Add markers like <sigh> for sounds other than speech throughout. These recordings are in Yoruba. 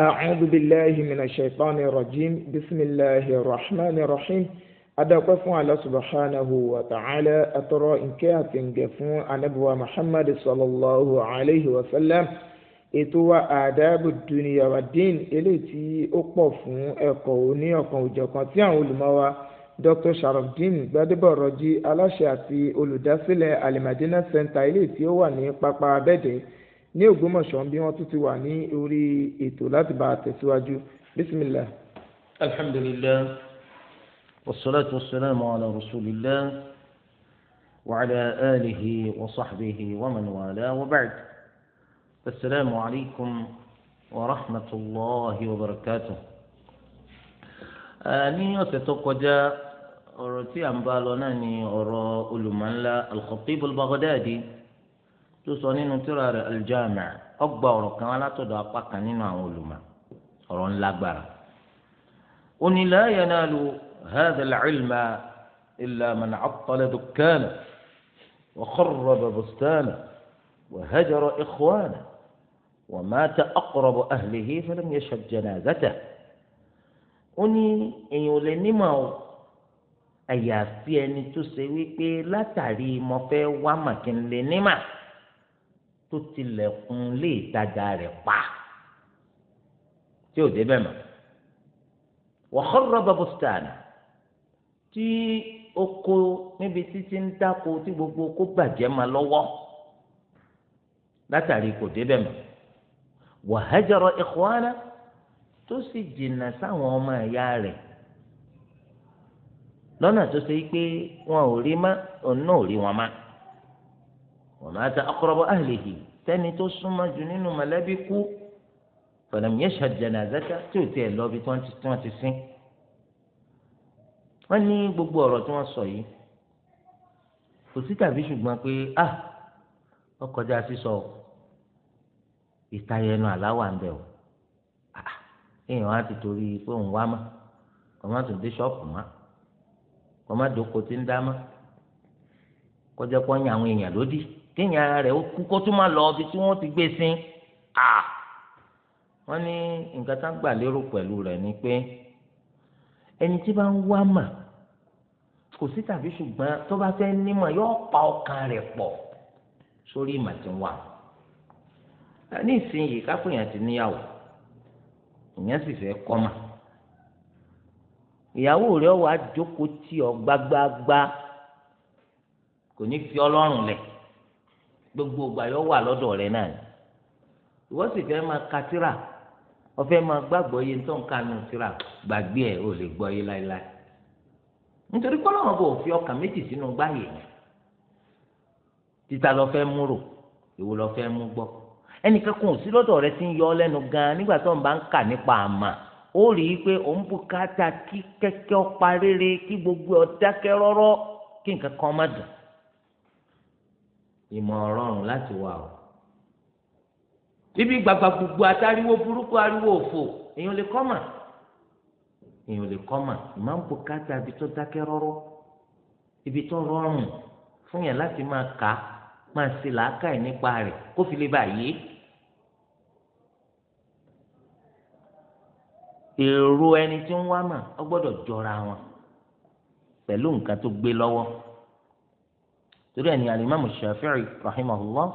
أعوذ بالله من الشيطان الرجيم بسم الله الرحمن الرحيم adakọ fún Allah subhanahu wa ta'ala atọrọ ìkẹ́ àti ìgẹ̀ fún anabiwa muhammad sallallahu alayhi wa sallam ètò wa àdáàbò duniya wa dín eléyìí tí ó pọ̀ fún ẹ̀kọ́ òní ọ̀kan òjọ̀kan tí àwọn olùmọ̀wa dr sharafdin gbadebọ̀rọ̀jì aláṣẹ àti olùdásílẹ̀ alimadina center eléyìí tí ó wà ní pápá abẹ́dẹ̀ẹ́ ní Ògbómọ̀ṣọ́ bí wọ́n tún ti wà ní orí ètò láti bá a tẹ̀síwájú bisimilah. alhamdulilayi wasalaatu wasalaamu ala rasulillah wa ala alihi wa sahbihi wa man wala wa ba'd asalaamu alaykum wa rahmatulahi wa barakatuh. ní ọ̀sẹ̀ tó kọjá ọ̀rọ̀ tí à ń bá lọ náà ni ọ̀rọ̀ olùmọ̀ńlá al-Khatib al-Baghdadi. al khatib al baghdadi tó sọ nínú tírà rẹ̀ ọgbà ọ̀rọ̀ kan alátọ̀dọ̀ apá kan nínú àwọn olùmọ̀ ọ̀rọ̀ ńlágbára ó ní la yanalu hadha al-ilma illa man attala dukkana wa kharraba bustana wa hajara ikhwana wa mata aqrab ahlihi falam yashhad janazatahu ó ní èèyàn ò lè nímọ̀ o àyàfi ẹni tó ṣe wípé látàrí mo fẹ́ wá màkínlé nímọ̀. tó tilẹ̀kùn lé ìtajà rẹ̀ pa tí ò débẹ̀ mọ́ wa kharraba bustana tí oko níbi títí ń dáko tí gbogbo oko bàjẹ́ ma lọ́wọ́ látàrí kò débẹ̀ mọ́ wa hajara ikhwana tó sì jìnnà sáwọn ọmọ ẹ̀yà rẹ̀ lọ́nà tó ṣe pé wọn ò rí má òun náà ò rí wọn má wa mata aqraba ahlihi tẹ́ni tó súnmọ́ jù nínú mọ̀lẹ́bí kú falam yashhad janazata tí ò tiẹ̀ lọ bí tí wọ́n ti sin wọ́n ní gbogbo ọ̀rọ̀ tí wọ́n sọ yìí kò sí tàbí ṣùgbọ́n pé ah ọkọjá sísọ ìtayẹnu àláwà ń bẹ o ah, èèyàn á ti torí pé òun wá mọ́ kò má tún dé ṣọ́ọ̀pù mọ́ kò má dóko tí ń dá mọ́ kọjá pọ́nyìn àwọn èèyàn lódì kéèyàn rẹ̀ ó kú kó tún má lọ ibi tí wọ́n ti gbé sí à wọ́n ní nǹkan tá gbà lérò pẹ̀lú rẹ̀ ni pé ẹni tí bá ń wá mà kò sí tàbí ṣùgbọ́n tó bá fẹ́ nímọ̀ yóò pa ọkàn rẹ̀ pọ̀ sórí ìmọ̀ tí ń wà ní ìsinyìí kápẹ́yàn ti níyàwó ìyẹn sì fẹ́ kọ́ mà ìyàwó rẹ̀ wàá jókòó tì ọ́ gbágbáágbá kò ní fi ọlọ́run lẹ̀ gbogbo ìgbà yóò wà lọ́dọ̀ rẹ náà ìwọ sì fẹ́ máa ka tírà ọfẹ máa gbàgbọ́ yé tó ń kanu tírà gbàgbé ẹ̀ ò lè gbọ́ yé láéláé nítorí kọ́ bò fi ọkàn méjì sínú gbáyé títa lọ fẹ mú rò lọ fẹ mú gbọ. ẹnìkan kò sí ti ń yọ gan nígbà tó ń bá ń kà nípa àmà ó rí i pé òun kí kí gbogbo kí nǹkan kan má ìmọ̀ ọ̀rọ̀rùn láti wà o ibi gbàgbà gbogbo àtàríwó burúkú ariwo òfò èèyàn lè kọ́mà èèyàn lè kọ́mà ìmáà ń bo káta ibi tó dákẹ́ rọ́rọ́ ibi tó rọrùn fún yàn láti máa kà á ẹni tí ń wá ọ gbọdọ jọra wọn nǹkan tó gbé lọwọ. torí ẹni alimami shafi'i rahimahullah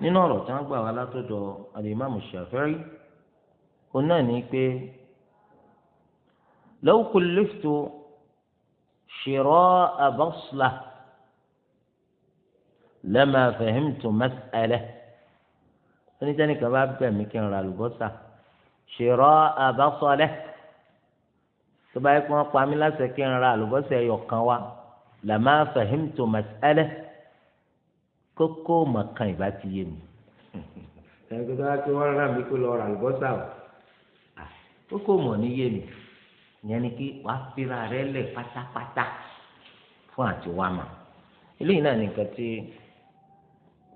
nínú ọ̀rọ̀ tí wọ́n gbà wá látọ̀dọ̀ alimami shafi'i ó náà ní pé law kulliftu shira'a baslah lama fahimtu mas'alah oníṣẹ́ni kan bá bẹ̀ mí kí n ra àlùbọ́sà shira'a basalah tó bá kí wọ́n pa mí láṣẹ kí n ra àlùbọ́sà ẹ̀yọ̀ kan wá làmá fahimtu mas'ala kókó màkàn ìbá ti yé mi. <laughs> ẹgbẹ́ tó bá ti wọ́n rà mí kó lọ ra àlùbọ́sà o. kókó mọ̀ ní yé mi ìyẹn ni kí wàá fira rẹ lẹ̀ pátápátá fún àti wá mà. eléyìí náà nìkan tí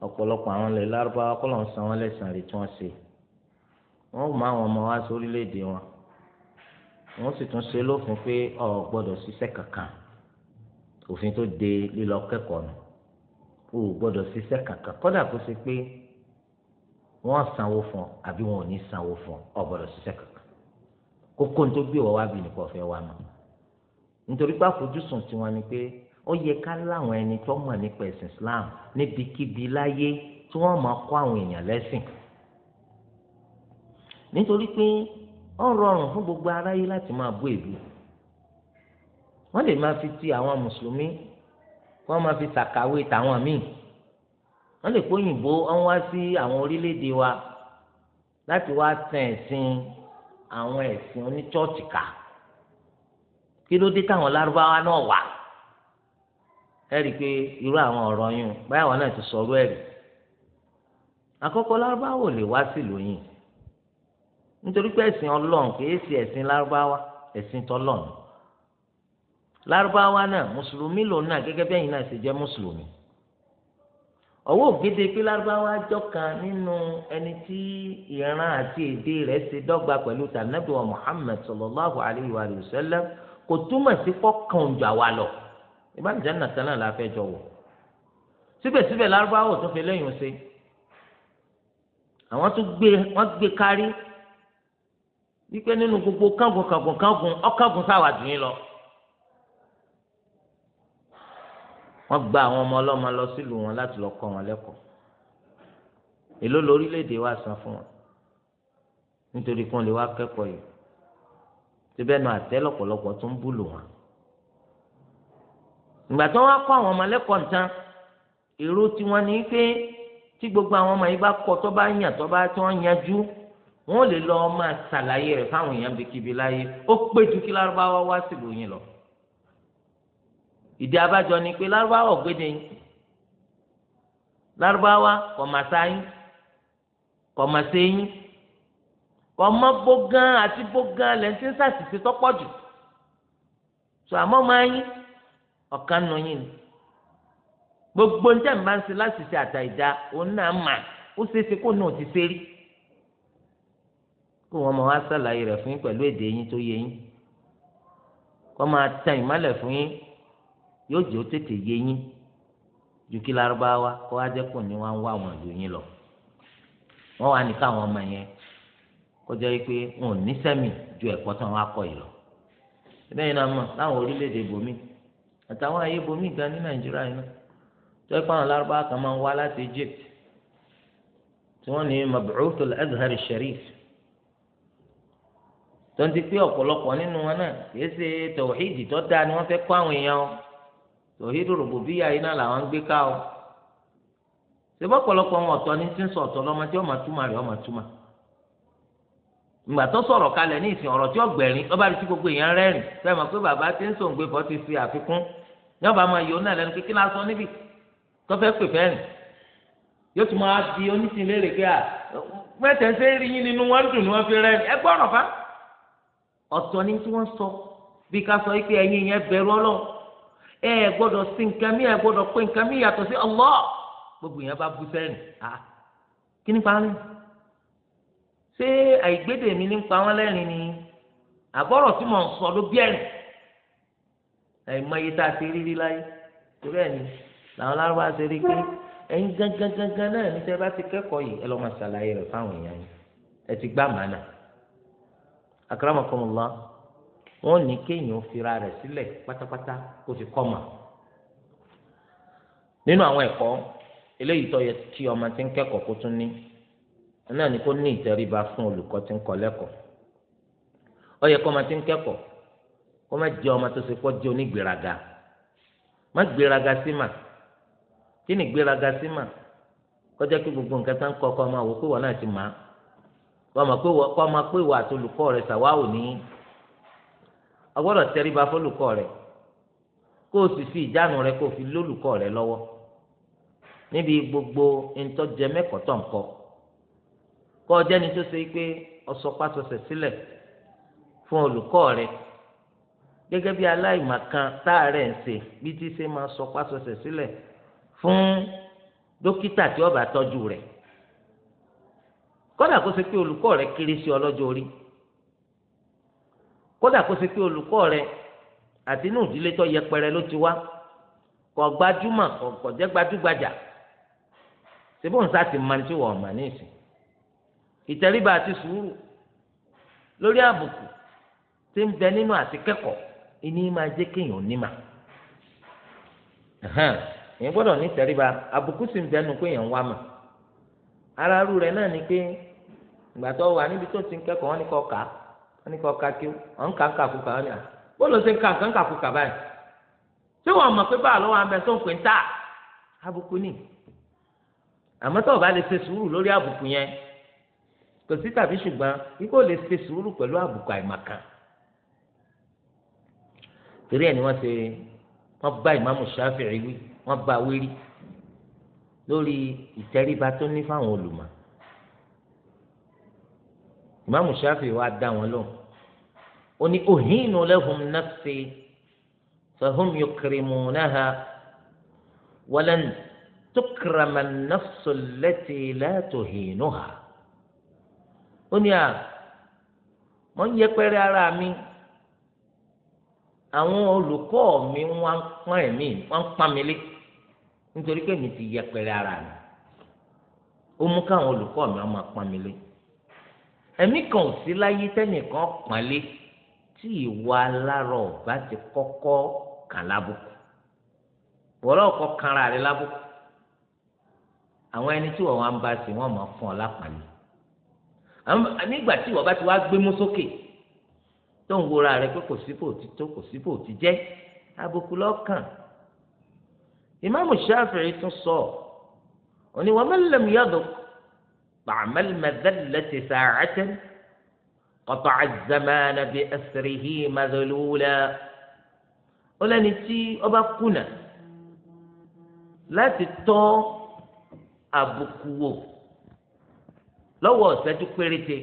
ọ̀pọ̀lọpọ̀ àwọn ilẹ̀ lárúbáwá kọ́ lọ́n san wọ́n lẹ́sàn rí tí wọ́n ṣe. wọ́n mú àwọn ọmọ wa sórílẹ̀-èdè wọn wọ́n sì tún ṣe lófin pé ọ̀ gbọ́dọ̀ ṣiṣẹ́ kankan òfin tó de lílọ kẹ́kọ̀ọ́ nù o ò gbọ́dọ̀ ṣiṣẹ́ kankan kódà kó ṣe pé wọ́n sanwó fún ọ àbí wọn ò ní sanwó fún ọ ọ gbọ́dọ̀ ṣiṣẹ́ kankan kókó ní tó gbé wọ́n wá bí nìkan ọ̀fẹ́ wa mọ̀ nítorí pé àfojúsùn tiwọn ni pé ó yẹ ká láwọn ẹni tó mọ̀ nípa ẹ̀sìn Islam níbikíbi láyé tí wọ́n máa kọ́ àwọn èèyàn lẹ́sìn nítorí pé ó rọrùn fún gbogbo aráyé láti máa bú èbú wọ́n lè máa fi ti àwọn mùsùlùmí wọ́n máa fi ṣàkàwé tàwọn míì wọ́n lè kó òyìnbó wọ́n wá sí àwọn orílẹ̀-èdè wa láti wá tàn ẹ̀sìn àwọn ẹ̀sìn oníṣọ́ọ̀tì ká kí ló dé táwọn lárúbáwá náà wà ẹ rí i pé irú àwọn ọ̀rọ̀ yín báyà wọn náà ti sọ̀rọ̀ ẹ̀rí àkọ́kọ́ lárúbáwá ò lè wá sílùú yìí nítorí pé ẹ̀sìn ọlọ́run kì í ṣe ẹ̀sìn lárúbáwá ẹ̀sìn tọ́lọ́run lárúbáwá náà mùsùlùmí lòun náà gẹ́gẹ́ bẹ́ẹ̀ yìí náà ṣe jẹ́ mùsùlùmí ọwọ́ ògidì pé lárúbáwá jọ kan nínú ẹni tí ìran àti èdè rẹ̀ ṣe dọ́gba pẹ̀lú tànàbí wa Muhammad sallallahu alayhi wa sallam kò túmọ̀ sí kọ́kàn jù àwa lọ ìbánijẹ́ nàkan náà la fẹ́ jọ wọ̀ síbẹ̀síbẹ̀ lárúbáwá ò tún fi lẹ́yìn ṣe àwọn tún gbé wọ́n gbé kárí wípé nínú gbogbo kángun kángun kángun ọ̀kángun sáwà dùn yín lọ. wọ́n gba àwọn ọmọ ọlọ́mọ lọ sílùú wọn láti lọ kọ́ wọn lẹ́kọ̀ọ́ èló lórílẹ̀‐èdè wa san fún wọn nítorí kí wọ́n lè wá kẹ́kọ̀ọ́ yìí tí bẹ́ẹ̀ náà àtẹ́ lọ́pọ̀lọpọ̀ tó ń búlò wọn. ìgbà tó wá kọ́ àwọn ọmọ lẹ́kọ̀ọ́ nǹkan èrò tí wọ́n ní pé tí gbogbo àwọn ọmọ yìí bá kọ́ tó bá yàn tó bá tó ń yanjú wọ́n lè lọ́ọ́ máa ṣàlàyé rẹ̀ fáwọn èèyàn bíkíbi láyé ó pé ju kí lárúbáwá wá sílùú yìí lọ ìdí abájọ ni pé lárúbáwá ọ̀gbẹ́dẹ yín lárúbáwá kọ̀mọ̀sá yín kọ̀mọ̀sẹ́ yín kọ̀mọ́ bógán àti bógán lẹ́ńtí ń sàṣìṣe tọ́pọ̀ jù tó àmọ́ máa yín ọ̀kan nù yín ni gbogbo ń tẹ̀ ń bá ń ṣe láṣìṣe àtà ìdá òun náà mà ó ṣeéṣe kó náà ti ṣe rí kó wọn máa wá ṣàlàyé rẹ̀ fún yín pẹ̀lú èdè yín tó yé yín kó máa tan ìmọ́lẹ̀ fún yín yóò jẹ́ ó tètè yé yín ju kí lárúbáwá kó wá jẹ́ kó ní wá ń wá àwọn ìlú yín lọ wọ́n wá ní káwọn ọmọ yẹn kó jẹ́ pé wọn ò ní ju ẹ̀kọ́ tán wá kọ́ yìí lọ bẹ́ẹ̀ náà mọ̀ láwọn orílẹ̀-èdè bòmí àtàwọn ayé bòmí gan ní nàìjíríà yìí náà tó ẹ pàrọ̀ lárúbáwá kan máa ń wá láti Egypt tí wọ́n ní azhar sharif tó ń ti pé ọ̀pọ̀lọpọ̀ nínú wọn náà ṣe tòhídù bụ yìí náà làwọn ń gbé ká o ṣèbọ pọ̀lọpọ̀ wọn ọ̀tọ̀ ní tí ń sọ ọ̀tọ̀ lọmọ tí ọmọ túmọ̀ rẹ̀ ọmọ túmọ̀ ìgbà tó sọ̀rọ̀ kalẹ̀ ní ìsìn ọ̀rọ̀ tí ọgbẹrin lọba tí gbogbo èèyàn rẹ́rìn bẹ́ẹ̀ mọ̀ pé bàbá tí ń ti fi àfikún ní ọba máa yọ náà lẹ́nu kékeré níbi tó fẹ́ pè fẹ́rìn yóò tún máa di oníṣìí léèrè pé sọ bí ká sọ pé yẹn ẹ gbọ́dọ̀ sí nǹkan mi ẹ gbọ́dọ̀ pé nǹkan mi yàtọ̀ sí Allah gbogbo yẹn bá bú sẹ́yìn ah kí ni pa á lẹ́yìn ṣé àìgbédè mi ní pa wọ́n lẹ́rìn ni àbọ̀rọ̀ tí mò ń sọ ló bí ẹ̀rìn àìmọye tá a ti rí rí láyé torí ẹ̀ ni làwọn lárúbá ṣe rí pé ẹ̀yin gangan gangan náà ní sẹ́ bá ti kẹ́kọ̀ọ́ yìí ẹ lọ́ọ́ máa ṣàlàyé rẹ̀ fáwọn èèyàn yìí ẹ ti gbá màánà akramakumullah wọ́n ní kéèyàn fira rẹ̀ sílẹ̀ pátápátá kó fi kọma. mà nínú àwọn ẹ̀kọ́ eléyìí tó yẹ kí ọmọ tí ń kó tún ní náà ni kó ní ìtẹríba fún olùkọ tí ń kọ́ lẹ́kọ̀ọ́ ó yẹ kó ọmọ tí ń kẹ́kọ̀ọ́ kó má ọmọ tó ṣe má sí mà kí ni sí mà kọjá kí gbogbo nǹkan tá ń kọ ọmọ náà ti mà ọmọ pé agbọ́dọ̀ tẹríba fólùkọ́ rẹ kó o sì fi ìjánu rẹ kó o fi lólùkọ́ rẹ lọ́wọ́ níbi gbogbo ntọjẹ mẹkọtọ nkọ kọ ọjẹ ni tó ṣe pé ọsọpasọsẹ sílẹ̀ fún olùkọ́ rẹ gẹ́gẹ́ bí aláìmọ̀kan táàrẹ ń ṣe bí tí ṣe máa sọpasọsẹ sílẹ̀ fún dókítà tí ó bá tọ́jú rẹ kódà kó ṣe pé olùkọ́ rẹ kéré sí ọlọ́jọ́ orí kódà kó ṣe pé olùkọ́ rẹ àti inú ìdílé tó yẹpẹrẹ ló ti wá kò gbajúmọ̀ kò kò jẹ́ gbajúgbajà síbò ń sáà ti máa ní tí wọ́n mà ní ìsìn ìtẹríba àti sùúrù lórí àbùkù tí ń bẹ nínú àti kẹ́kọ̀ọ́ ìní máa jẹ́ kéèyàn nímà èèyàn gbọ́dọ̀ ní ìtẹríba àbùkù sì ń bẹ nínú kéèyàn wá mà aráàlú rẹ náà ni pé ìgbà tó wà níbi tó ti ń kẹ́kọ̀ọ́ wọn ni kò kà á wọn ní kọ́ kakí wọn kà ń kàkúkà wọn ni à bóòlù ṣe ń kà ń kàkúkà báyìí ṣé wọn mọ̀ pé báà lọ́wọ́ abẹ tó ń pè ń tà àbùkù ni àmọ́ tó o bá lè ṣe sùúrù lórí àbùkù yẹn kò sí tàbí ṣùgbọ́n ikú ò lè ṣe sùúrù pẹ̀lú àbùkù àìmọ̀kan torí ẹ̀ ni wọ́n ṣe wọ́n bá ìmáàmù Ṣáfi'í wí wọ́n bá wérí lórí ìtẹríba tó ní fáwọn olùmọ̀ọ́ ìmáàmù Ṣáfì wa dá wọn lọ ó ní òhìn lẹ́hùn nafsi fahum yukrimunaha walan tukrama an-nafsu allati la tuhinuha ó ní à mọ̀ ń yẹpẹrẹ ara mi àwọn olùkọ́ mi wọ́n pọ́n ẹ̀mí wọ́n pọ́n mi lé nítorí pé mi ti yẹpẹrẹ ara mi ó mú káwọn olùkọ́ mi wọ́n máa pọ́n mi lé ẹ̀mí kan ò sí láyé tẹ́nìkan pọ́nlé tí ìwà alára ọ̀bá ti kọ́kọ́ kàn lábùkù wọ́lọ́ ọ̀kọ́ kanra rẹ̀ lábùkù àwọn ẹni tí wọ́n wá ń bá sí wọ́n máa fún ọ lápàlẹ́ nígbà tí wọ́n bá ti wá gbé mú sókè tó ń wora rẹ̀ pé kò síbò ti tó kò síbò ti jẹ́ àbùkù lọ́kàn ìmáàmù Ṣáfi'í tún sọ ọ òní wọn mẹ́lẹ̀ yàtọ̀ طعم المذلة ساعة قطع الزمان بأسره مذلولا ọlọ́ni tí ọba kùnà láti tọ́ àbùkù wò lọ́wọ́ ọ̀sẹ́jú péréte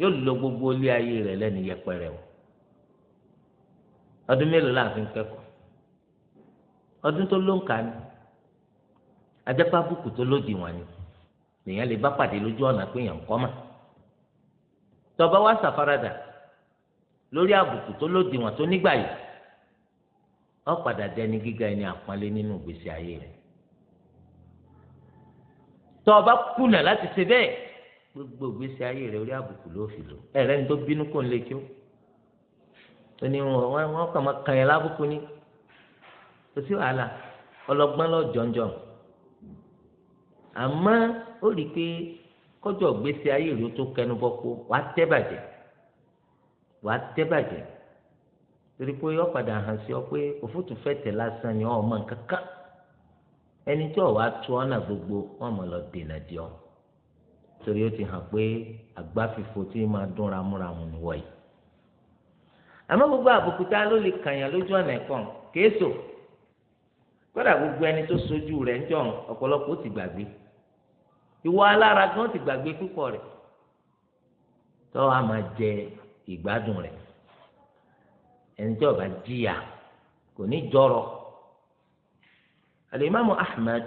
yóò lo gbogbo ilé ayé rẹ̀ lẹ́nu yẹpẹrẹ o ọdún mélòó la fi ń kẹ́kọ̀ọ́ ọdún tó ló ń kà ní ajẹ́pá àbùkù tó lòdì wọ̀nyí lèyàn lè bá pàdé lójú ọ̀nà pé yàn kọ́ mà tọba wá ṣàfaradà lórí àbùkù tó lòdì wọn tó nígbà yìí ó padà dẹni gíga ẹni àpọ́nlé nínú ìgbésí ayé rẹ̀ tọba kùnà láti ṣe bẹ́ẹ̀ gbogbo ìgbésí ayé rẹ̀ orí àbùkù ló fi lò ẹrẹ ni tó bínú kò ń lè kí ó tó ní wọn wọn kàn máa kàn yẹn lábùkù ni kò sí wàhálà ọlọ́gbọ́n lọ jọjọ àmọ́ ó rí i pé kọjọ gbèsè ayé rẹ tó kẹnu bọkú wàá tẹ bàjẹ́ wàá tẹ bàjẹ́ torí pé yọ padà hàn sí ọ pé òfútù fẹtẹ lásán ni ọ mọ nǹkan kan ẹni tí ọwọ atú ọ̀nà gbogbo wọn mọ lọ dènà di ọ torí ó ti hàn pé àgbáfífo tí máa dún ramúramù nìwọ yìí àmọ́ gbogbo àbùkù ló lè kàyàn lójú ọ̀nà ẹ̀kọ́ kéésò kódà gbogbo ẹni tó sojú rẹ̀ ń jọ̀ ọ̀pọ̀lọpọ̀ ó ti gbàgbé ìwọ alára gan ti gbàgbé púpọ̀ rẹ̀ tó a máa jẹ ìgbádùn rẹ̀ ẹni tí ọba jìyà kò ní jọrọ alimami ahmed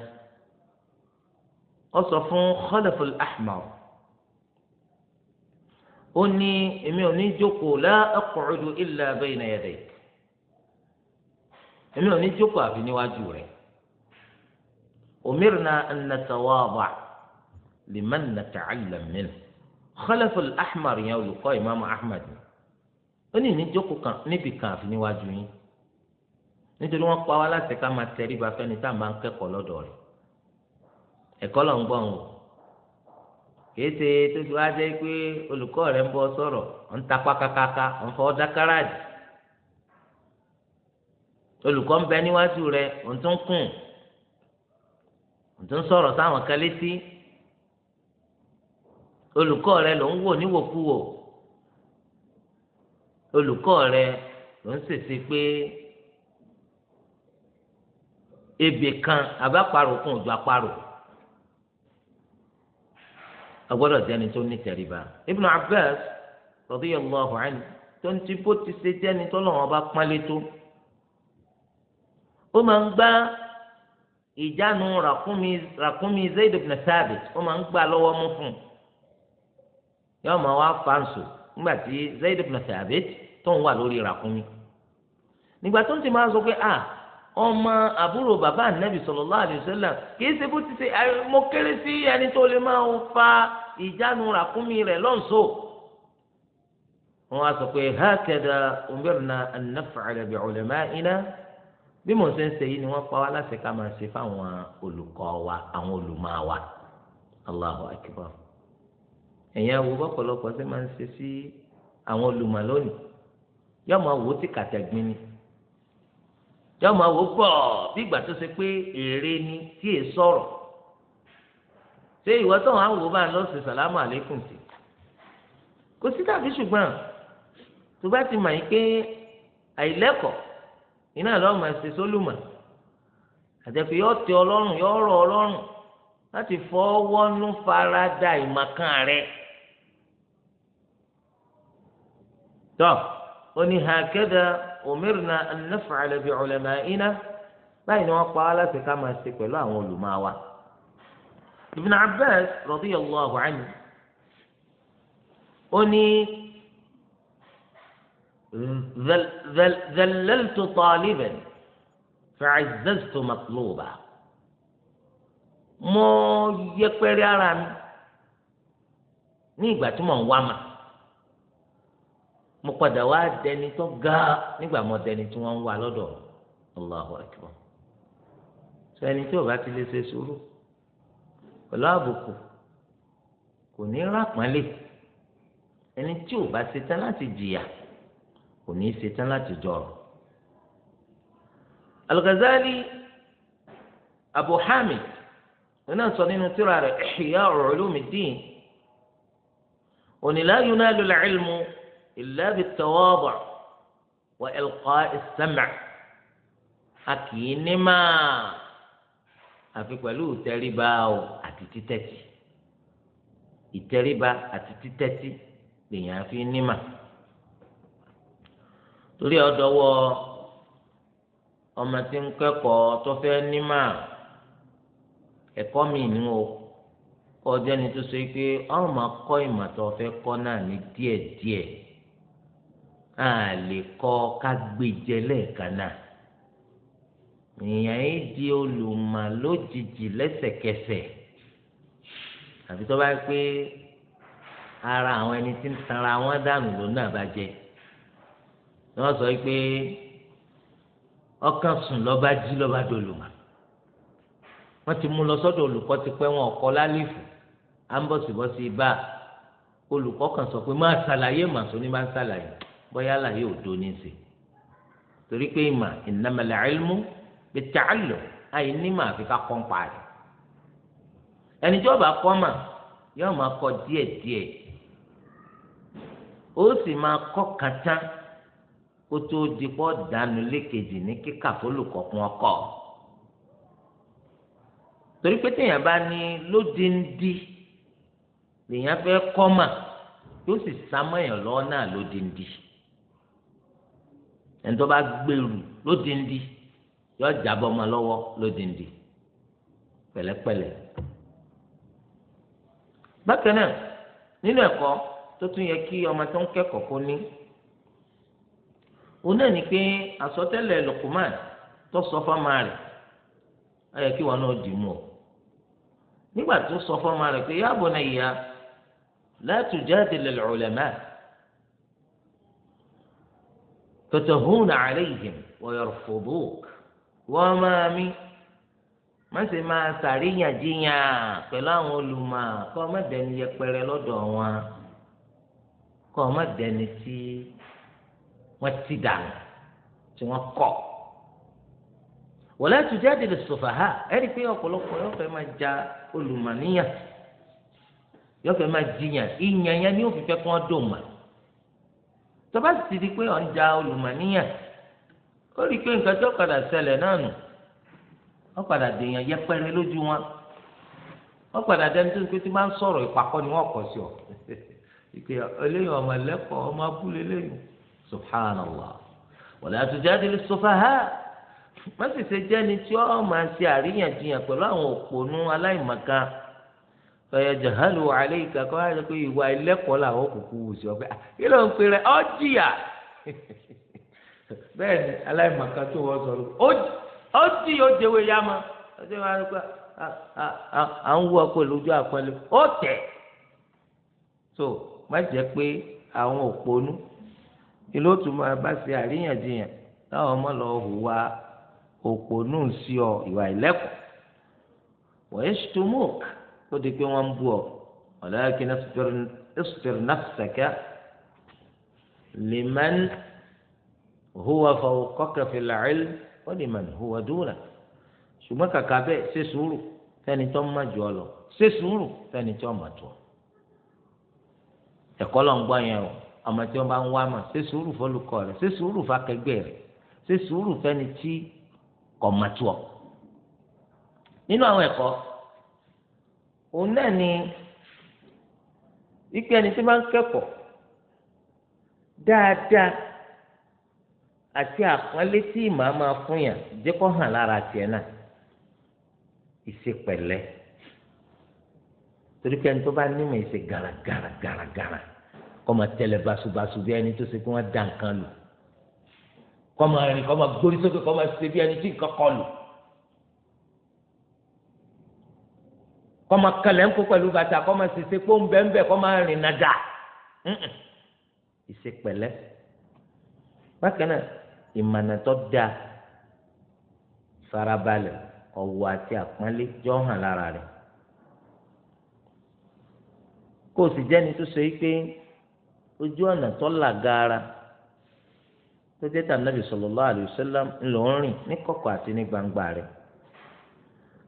ó sọ fún khalaful ahmar ó ní èmi ò ní jókòó la aq'udu illa bayna èmi ò ní jókòó àfi níwájú rẹ̀ umirna an natawada. لمن نتعلم منه خلف الأحمر يا yẹn olùkọ́ ìmáàmù Ahmad ó ní níjókòó kan níbi kan àfi níwájú yín nítorí wọ́n pa wá láti ká máa tẹríba fẹ́ni tá a máa ń kẹ́kọ̀ọ́ lọ́dọ̀ rẹ̀ ẹ̀kọ́ lọ ń gbọ́n o kìí ṣe tó ti wá jẹ́ pé olùkọ́ rẹ̀ ń bọ́ sọ̀rọ̀ ń tapá kákáká ń fọ́ dákàràjì olùkọ́ ń bẹ níwájú rẹ̀ ń tún kùn ń tún sọ̀rọ̀ sáwọn kan létí olùkọ́ rẹ ló ń wò níwòkuwò olùkọ́ rẹ ló ń sèse pé ebè kan àbáparò kún ojú àparò agbọ́dọ̀ jẹ́ni tó ní tẹríba Ibn Abbas radiyallahu anhu tó ń ti bó ti ṣe jẹ́ni tó lọ́wọ́ bá pálí tó ó máa ń gbá ìjánu ràkúnmi Zaid ibn Thabit ó máa ń gbà lọ́wọ́ mú fún un yóò máa wá fáǹsù nígbà tí Zaid ibn Thabit tó ń wà lórí ràkúnmí nígbà tó ń ti máa sọ pé à ah, ọmọ àbúrò bàbá ànábì sallallahu alaihi wasallam kìí ṣe bó ti ṣe mo kéré sí ẹni tó lè máa fa ìjánu ràkúnmí rẹ̀ lọ́nṣọ́ wọn á sọ pé hakada umirna an naf'ala bi ulama'ina bí mò ṣe ń ṣe yìí ni wọ́n pa wá láti ká máa ṣe fáwọn olùkọ́ wa àwọn olùmọ̀ wa Allahu akbar ẹ̀yin awo bọ́pọ̀lọpọ̀ ṣe máa ń ṣe sí àwọn olùmọ̀ lónìí yóò máa wò ó ti kàtẹ́gbin ni yóò máa wò ó gbọ́ bí ìgbà tó ṣe pé èrè ni tí è sọ̀rọ̀ ṣé ìwọ tó wọn àwòrán bá ń lọ sí sàlámù àlékún sí kò sí tàbí ṣùgbọ́n tó bá ti mọ̀ yín pé àìlẹ́kọ̀ọ́ iná lọ́ọ́ máa ṣe sólùmọ̀ àjẹpé yóò tẹ ọlọ́run yóò rọ ọlọ́run láti fọwọ́nú farada ìmọ̀kan rẹ̀ طب وني هكذا أمرنا أن نفعل بعلمائنا بين وقال في كما استكوا لا أقول ما ابن عباس رضي الله عنه أني ذللت طالبا فعززت مطلوبا مو يكبر يا رامي ني تمام واما mo padà wá dẹni tó ga nígbà mo dẹni tí wọ́n ń wá lọ́dọ̀ Allahu akbar sọ ẹni tí ò bá ti lè ṣe sùúrù pẹ̀lú àbùkù kò ní rápọ́nlé ẹni tí ò bá ṣetán láti jìyà kò ní ṣetán láti jọrọ. Al-Ghazali Abu Hamid wọn náà sọ nínú tírà rẹ̀ Ihya Ulumuddin onílàyún náà lọ́la ilmu. إلا بالتواضع وإلقاء السمع أكينما àfi pẹ̀lú ìtẹríba o a títẹ́tí ìtẹríba àti títẹ́tí lèèyàn fi nímà ọmọ tí ń kẹ́kọ̀ọ́ tó fẹ́ nímà ẹ̀kọ́ mi ni o kọ́ ni tó ṣe pé ọmọ ìmọ̀ tó kọ́ a lè kọ́ ká gbé jẹ lẹ́ẹ̀kan náà èèyàn yìí di olùmọ̀ lójijì lẹ́sẹ̀kẹsẹ̀ àfi tó bá pé ara àwọn ẹni tí ń tara wọn dànù ló náà bá jẹ ni wọn sọ pé ọkàn sùn lọba jí lọba dolùmọ̀ wọn ti mú lọ sọ́dọ̀ olùkọ́ ti pẹ́ wọn ọkọ lálífù à ń bọ̀sibọ́sí bá olùkọ́ kan sọ pé má ṣàlàyé màsó ni má ṣàlàyé bóyá àlàyé òdo ní sè torí pé ìmà innamal ilmu bitta'allum àyè nímà àfi ká kọ́ ń pa rẹ̀ ẹni tí ó bá kọ́ mà yóò máa kọ́ díẹ̀díẹ̀ ó sì máa kọ́ kàtá kó tó di pọ́ dànù lékejì ní kíkà fólùkọ̀kùn ọkọ̀ torí pé téèyàn bá ní lódindi lèèyàn fẹ́ kọ́ mà yóò sì sá mọ́ èèyàn lọ́wọ́ náà lódindi ẹni tó bá gbèrú lódìndí yóò jábọ́ ọmọ lọ́wọ́ lódìndí pẹ̀lẹ́pẹ̀lẹ́ bákan náà nínú ẹ̀kọ́ tó tún yẹ kí ọmọ tó ń kẹ́kọ̀ọ́ kó ní òun náà ni pé àsọtẹ́lẹ̀ Luqman tó sọ fọ́mọ rẹ̀ ó kí wọn náà dì mú o nígbà tó sọ fọ́mọ rẹ̀ pé ya bunayya la tujadil al-ulama tọtọhún àlẹyìn wọyọrọfọdọk wọn máa mi má ṣe máa ṣàríyànjiyàn pẹ̀lú àwọn olùmọ̀ kọ má dẹni yẹpẹrẹ lọ́dọ̀ wọn kọ má dẹni tí wọn ti dànù tí wọn kọ wọlé tùjáde lè sọfà ha ẹni pé ọ̀pọ̀lọpọ̀ yóò fẹ́ máa ja olùmọ̀ níyàn yóò fẹ́ máa jiyàn ìyàn yẹn ni yóò fi fẹ́ kí wọn dò mà. tọ́ba sì ti di pé ọ̀ ń ja olùmọ̀níyàn ó rí i pé nǹkan tó padà ṣẹlẹ̀ náà nù wọ́n padà dèèyàn yẹpẹrẹ lójú wọn wọ́n padà dẹni tó ń pé tí máa ń sọ̀rọ̀ ìpàkọ́ ni wọ́n kọ̀ sí ọ <laughs> ìpè eléyìí ọmọ ẹlẹ́kọ̀ọ́ ọmọ abúlé eléyìí subhanallah wala tujadil sufaha wọ́n sì ṣe jẹ́ni tí ó máa ṣe àríyànjiyàn pẹ̀lú àwọn tọ́yẹ jahalu alẹ́ ìka kọ́ wáyé pé ìwà ẹlẹ́kọ̀ọ́ làwọn kò kú wù sí ọgbẹ́ ló ọ <laughs> ni tó wọ́n sọ̀rọ̀ ọ jìyà ó ma ọ à ń wú lójú ó so má jẹ́ pé àwọn òpónú ìlú òtún máa bá ṣe àríyànjiyàn lọ hùwà sí ọ ìwà wọ́n yẹ ó di pé wọ́n ń bú ọ walakin isbir nafsaka liman huwa fawqaka fil ilm wa liman huwa dunak ṣùgbọ́n kàkà bẹ́ẹ̀ ṣe sùúrù fẹ́ni tó ń máa jù ọ lọ ṣe sùúrù fẹ́ni tó ń máa tù ọ. ẹ̀kọ́ ló ń gbọ́ yẹn o ọmọ tí wọ́n bá ń wá mà ṣe sùúrù fọlùkọ́ rẹ̀ ṣe sùúrù fàkẹgbẹ́ rẹ̀ ṣe sùúrù fẹ́ni tí kò máa ọ. nínú àwọn ẹ̀kọ́ òun náà ni wípé ẹni tí máa ń kẹ́kọ̀ọ́ dáadáa àti àpọ́nlé tí màá máa fún yàn jẹ́ kó hàn lára tiẹ̀ náà ìṣepẹ̀lẹ́ torí pé ẹni tó bá nímọ̀ ìṣe gàràgàrà gàràgàrà kọ́ máa tẹ̀lé basubasu bí ẹni tó ṣe kí wọ́n dá nǹkan lò kọ́ máa rìn kọ́ máa gbórí sókè kọ́ máa ṣe bí ẹni tí nǹkan kọ lò kọ́mọ kalẹ̀ ń kó pẹ̀lú bàtà kọ́mọ sise kó ń bẹ́ ń bẹ́ kọ́mọ rìn nàdà ìṣe pẹ̀lẹ́ bákan náà ìmọ̀nàtọ́ da farabalẹ̀ ọ̀wọ̀ àti àpọ́nlé jọ hàn lára rẹ̀ kó o sì jẹ́ni tó so yí pé ojú ọ̀nà tó là tó dé tàn nàbì sallallahu ńlọrọrìn ní kọ̀kọ̀ àti ní gbangba rẹ̀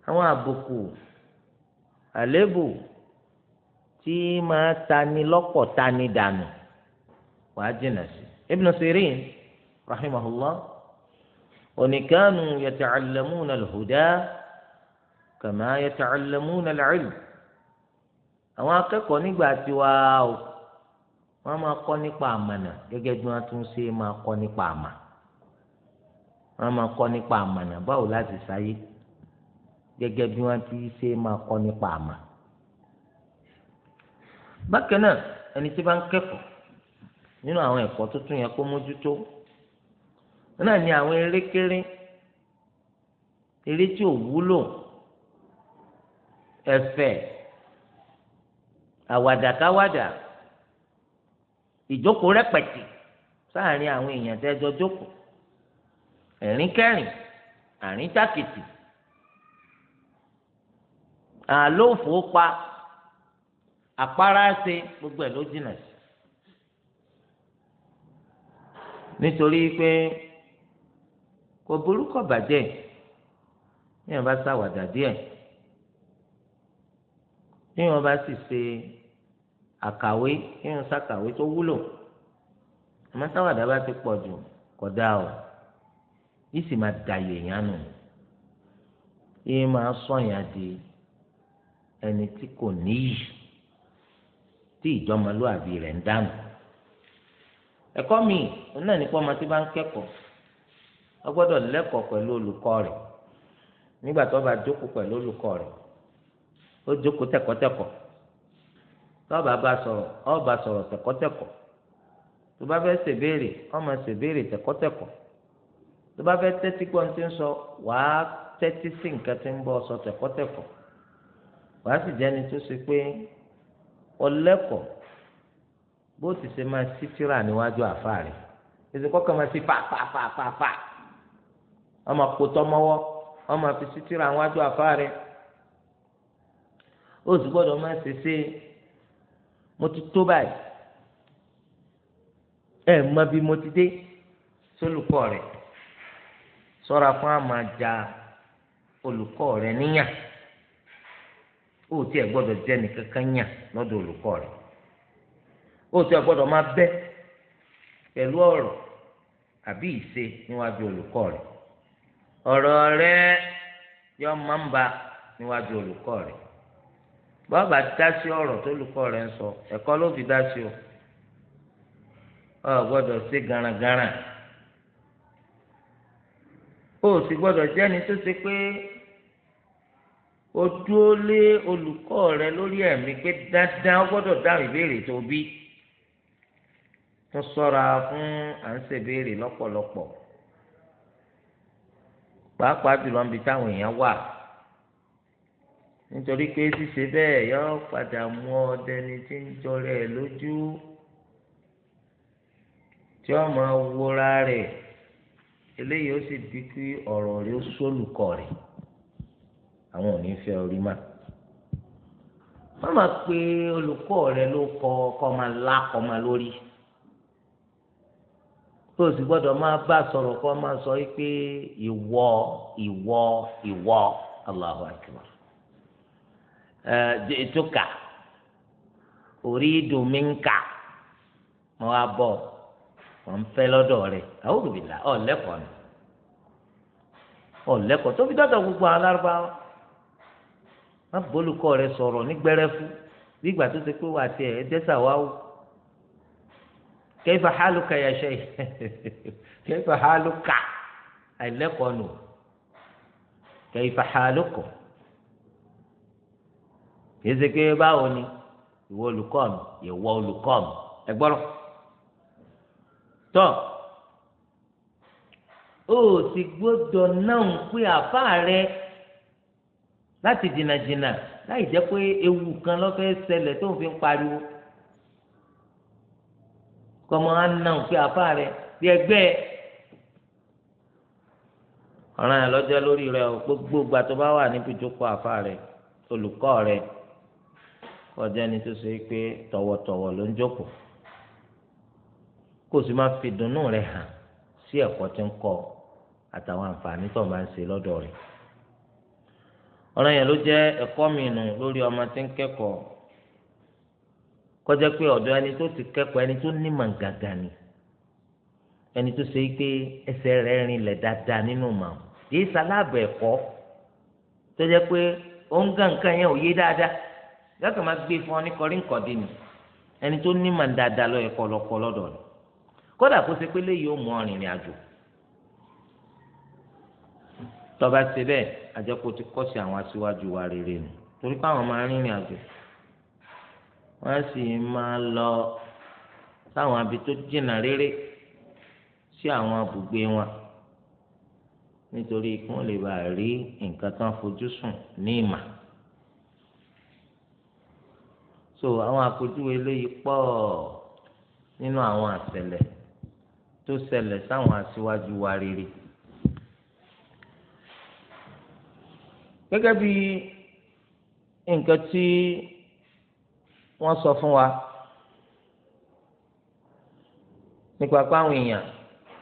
àwọn àbùkù àlébù tí máa tani lọ́pọ̀ tani dànù wàá jìnnà sí Ibn Sirin rahimahullah oníkanu yata'allamuna al-huda kàmá yata'allamuna al-ilm àwọn akẹ́kọ̀ọ́ nígbà tiwa o wọ́n máa kọ́ nípa àmànà gẹ́gẹ́ bí wọ́n tún ṣe máa kọ́ nípa àmà wọ́n máa kọ́ nípa àmànà báwo láti sáyé gẹ́gẹ́ bí wọ́n ti ṣe máa kọ́ nípa àmà. bákan náà ẹni tí bá ń kẹ́kọ̀ọ́ nínú àwọn ẹ̀kọ́ tuntun yẹn kó mójútó náà ni àwọn erékeré eré tí ò wúlò ẹ̀fẹ̀ àwàdàkáwàdà ìjókòó rẹpẹtì sáàrin àwọn èèyàn tẹjọ jókòó ẹ̀rín kẹrin àrín tákìtì àlófò pa àpárá ṣe gbogbo ẹ̀ ló jìnà sí nítorí pé kò burúkọ bàjẹ́ ní wọn bá ṣàwàdà díẹ̀ ní wọn bá sì ṣe àkàwé ní wọn ṣàkàwé tó wúlò àmọ́ ṣàwàdà bá ti pọ̀ jù kódà o yìí sì máa dàyè yánnù yìí máa sọ̀yàn di. ẹni tí kò níyì tí ìjọmọlúàbí rẹ̀ ń dànù ẹ̀kọ́ mi òun náà nípa ọmọ tí bá ń kẹ́kọ̀ọ́ ọ gbọ́dọ̀ lẹ́kọ̀ọ́ pẹ̀lú olùkọ́ rẹ̀ nígbà tó bá jókòó pẹ̀lú olùkọ́ rẹ̀ ó jókòó tẹ̀kọ́tẹ̀kọ́ tó bá bá sọ̀rọ̀ ó bá sọ̀rọ̀ tẹ̀kọ́tẹ̀kọ́ tó bá fẹ́ ṣèbéèrè ó máa tó ń sọ wàá sí wàá sì jẹ́ni tó ṣe pé ọlẹ́kọ̀ọ́ bó ti ṣe máa ṣí tíra níwájú àfáà rẹ̀ èsì kọ́kọ́ máa ṣe fàfàfàfà ọmọ kòtọ́ mọ́wọ́ ọmọ fi ṣí tíra níwájú àfáà rẹ̀ ó sì gbọ́dọ̀ máa ṣe ṣe mo ti tó báyìí ẹ mọ bí mo ti dé sólùkọ́ rẹ̀ sọ́ra fún àmàjà olùkọ́ rẹ̀ níyà. ó tiẹ̀ gbọdọ je nìkan kan yàn lọ́dọ̀ olùkọ́ rẹ̀ ó tiẹ̀ gbọ́dọ̀ máa bẹ pẹ̀lú ọrọ àbí ìṣe níwájú olùkọ́ rẹ̀ ọ̀rọ̀ rẹ̀ yọ máa ń ba níwájú olùkọ́ rẹ̀ bọ́ọ̀bà dá sí ọ̀rọ̀ tó olùkọ́ rẹ̀ ń sọ ẹ̀kọ́ ló fi dá sí o ọ gbọ́dọ̀ ṣe garagara o sì gbọ́dọ̀ jẹ́ni tó ṣe pé ojú ó lé olùkọ́ rẹ lórí ẹ̀mí pé dáadáa ó gbọ́dọ̀ dáhùn ìbéèrè tó bí tó sọ́ra fún à ń ṣèbéèrè lọ́pọ̀lọpọ̀ pàápàá jùlọ níbi táwọn èèyàn wà nítorí pé ṣíṣe bẹ́ẹ̀ yọ padà mú ọ dẹni tí ń jọrẹ ẹ lójú tí ó máa wúra rẹ̀ eléyìí ó sì bí kí ọ̀rọ̀ rẹ̀ ó sólùkọ́ rẹ̀. àwọn ò ní fẹ́ orí mà mọ́mà pe olùkọ́ rẹ ló kọ ma máa lákọ́ máa lórí tó o sì gbọ́dọ̀ máa bá sọ̀rọ̀ kọ́ máa sọ pé ìwọ ìwọ ìwọ Allahu akbar jẹtuka orí dominka mo wá bọ mo ń fẹ́ lọ́dọ̀ rẹ̀ àwọn olùbìlà ọ lẹkọọ ni ọ lẹkọọ gbogbo àwọn má bólúkọ rẹ sọ̀rọ̀ ní gbẹrẹfu bí ìgbà tó ṣe pé wà á tiẹ̀ ẹ dẹ́sà wá o kẹfà hálùkà yà ṣe kẹfà hálùkà àìlẹ́kọ̀ọ́ nù kẹfà hálùkọ̀ kìí ṣe pé báwo ni ìwọ olùkọ́ mi ìwọ olùkọ́ mi ẹ gbọ́rọ̀ tọ́ o sì gbọ́dọ̀ náà ń pè àfáà rẹ. láti jìnnàjìnnà láì jẹ́ pé ewu kan lọ́fẹ́ sẹlẹ tó ń fi pariwo kọ́mọ aná òfin afa rẹ bí ẹgbẹ ọ̀ràn yẹn lọ́jọ́ lórí rẹ o gbogbo ìgbà tó bá wà níbi ìjókòó àfa rẹ olùkọ́ rẹ kọjá ni tó ṣe pé tọwọtọwọ ló ń jókòó kó sì máa fi ìdùnnú rẹ hàn sí ẹkọ tí ń kọ́ àtàwọn àǹfààní tó máa ń ṣe lọ́dọ̀ rẹ̀. ọ̀ràn yẹn ló jẹ́ ẹ̀kọ́ mi nù lórí ọmọ tí ń kẹ́kọ̀ọ́ kọjá pé ọ̀dọ̀ ẹni tó ti kẹ́kọ̀ọ́ ẹni tó ní màgàgà ni ẹni tó ṣe pé ẹsẹ̀ rẹ̀ rinlẹ̀ dáadáa nínú màá yìí sálábẹ̀ ẹ̀kọ́ tó jẹ́ pé ó ń gàn nǹkan yẹn ò yé dáadáa yàtọ̀ máa gbé fún ọ ní kọrí nkọ̀dé ni ẹni tó ní màá dáadáa lọ ẹ̀kọ́ lọ́kọ́ lọ́dọ̀ rẹ̀ kódà kó ṣe pé léyìí ó mọ ọ̀rìnrìn àjò tọ́ba ṣe bẹ́ẹ̀ àjẹpọ̀ ti kọ́ sí àwọn aṣíwájú wa rere nù torí pé àwọn máa ń rìnrìn àjò wọ́n sì máa lọ sáwọn abi tó jìnnà rere sí àwọn abùgbé wọn nítorí kí wọ́n lè bá rí nǹkan tó ń fojú sùn ní ìmà so àwọn àpèjúwe eléyìí pọ̀ nínú àwọn àṣẹlẹ̀ tó ṣẹlẹ̀ sáwọn aṣíwájú wa rere. gẹgẹ bí nǹkan tí wọ́n sọ fún wa nípa páwọn èèyàn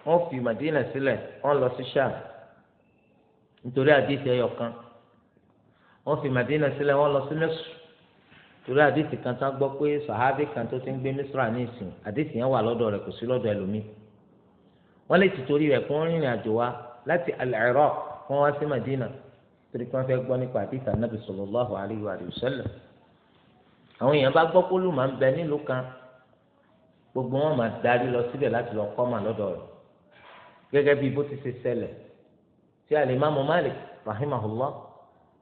wọ́n fi Madina sílẹ̀ wọ́n lọ sí Ṣáà nítorí àdìsí ẹyọkan wọ́n fi Madina sílẹ̀ wọ́n lọ sí Mẹ́sù torí àdìsí kan tán gbọ́ pé sàhábì kan tó ti ń gbé Mísírà ní ìsìn yẹn wà rẹ̀ kò sí ẹlòmíì lè ti torí kó ń torí kí wọ́n fẹ́ gbọ́ nípa àdìsá nàbì sallallahu alaihi wa sallam àwọn èèyàn bá gbọ́ pólú máa ń bẹ nílùú kan gbogbo wọn máa darí lọ síbẹ̀ láti lọ kọ́ mà lọ́dọ̀ rẹ̀ gẹ́gẹ́ bí bó ti ṣe ṣẹlẹ̀ tí alimamu Malik rahimahullah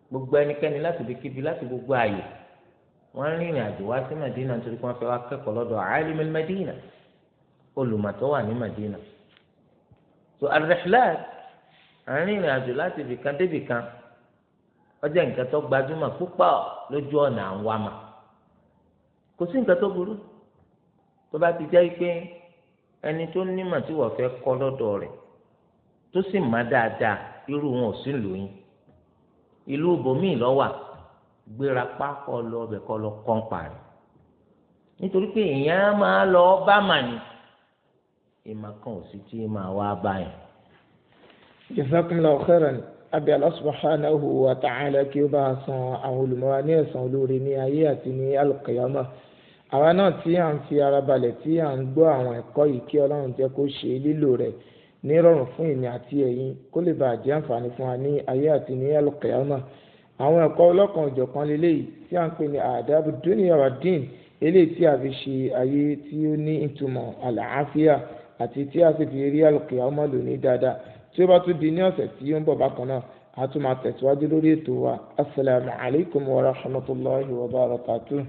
gbogbo ẹnikẹ́ni láti bí kíbi láti gbogbo ààyè wọ́n rìnrìn àjò wá sí Madina torí kí wọ́n fẹ́ wá kẹ́kọ̀ọ́ lọ́dọ̀ alimul Madina olùmọ̀tọ́ wà ní Madina so arrihlat àárín ìrìn àjò láti ibìkan débìkan ọjọ́ nǹkan tó gbajúmọ̀ púpọ̀ lójú ọ̀nà àwọn àmà kò sí nǹkan tó burú tó bá ti jẹ́ pé ẹni tó nímọ̀ tí wọ́n fẹ́ kọ́ lọ́dọ̀ rẹ̀ tó sì má dáadáa irú wọn ò sí lóyún ìlú ibòmíì lọ́wà gbéra pákọ̀ lọ ọbẹ̀ kọ́ lọ kọ́ńpa rẹ̀ nítorí pé èèyàn máa lọ bá mà ní ìmọ̀ kan ò sí tí máa wá báyìí. jazakumullahu khairan ni abẹ́ Allah subhanahu wa ta'ala kí ó bá a san àwọn olùmọ̀ra ní ẹ̀san olóore ní ayé àti ní alùkìyámà àwa náà tí à ń fi ara balẹ̀ tí à ń gbọ́ àwọn ẹ̀kọ́ yìí kí ọlọ́run jẹ́ kó ṣe lílò rẹ̀ ní rọrùn fún èmi àti ẹ̀yin kó lè bàa jẹ́ àǹfààní fún wa ní ayé àti ní alùkìyámà àwọn ẹ̀kọ́ ọlọ́kan òjọ̀kan lélẹ́yìí tí à ń pè ní àdábù dúníyà wà tí ó bá tún di ní ọ̀sẹ̀ tí ó ń bọ̀ bákan náà a tún máa tẹ̀síwájú lórí ètò wa asalaamualeykum wa rahmatulahi wa barakatuh.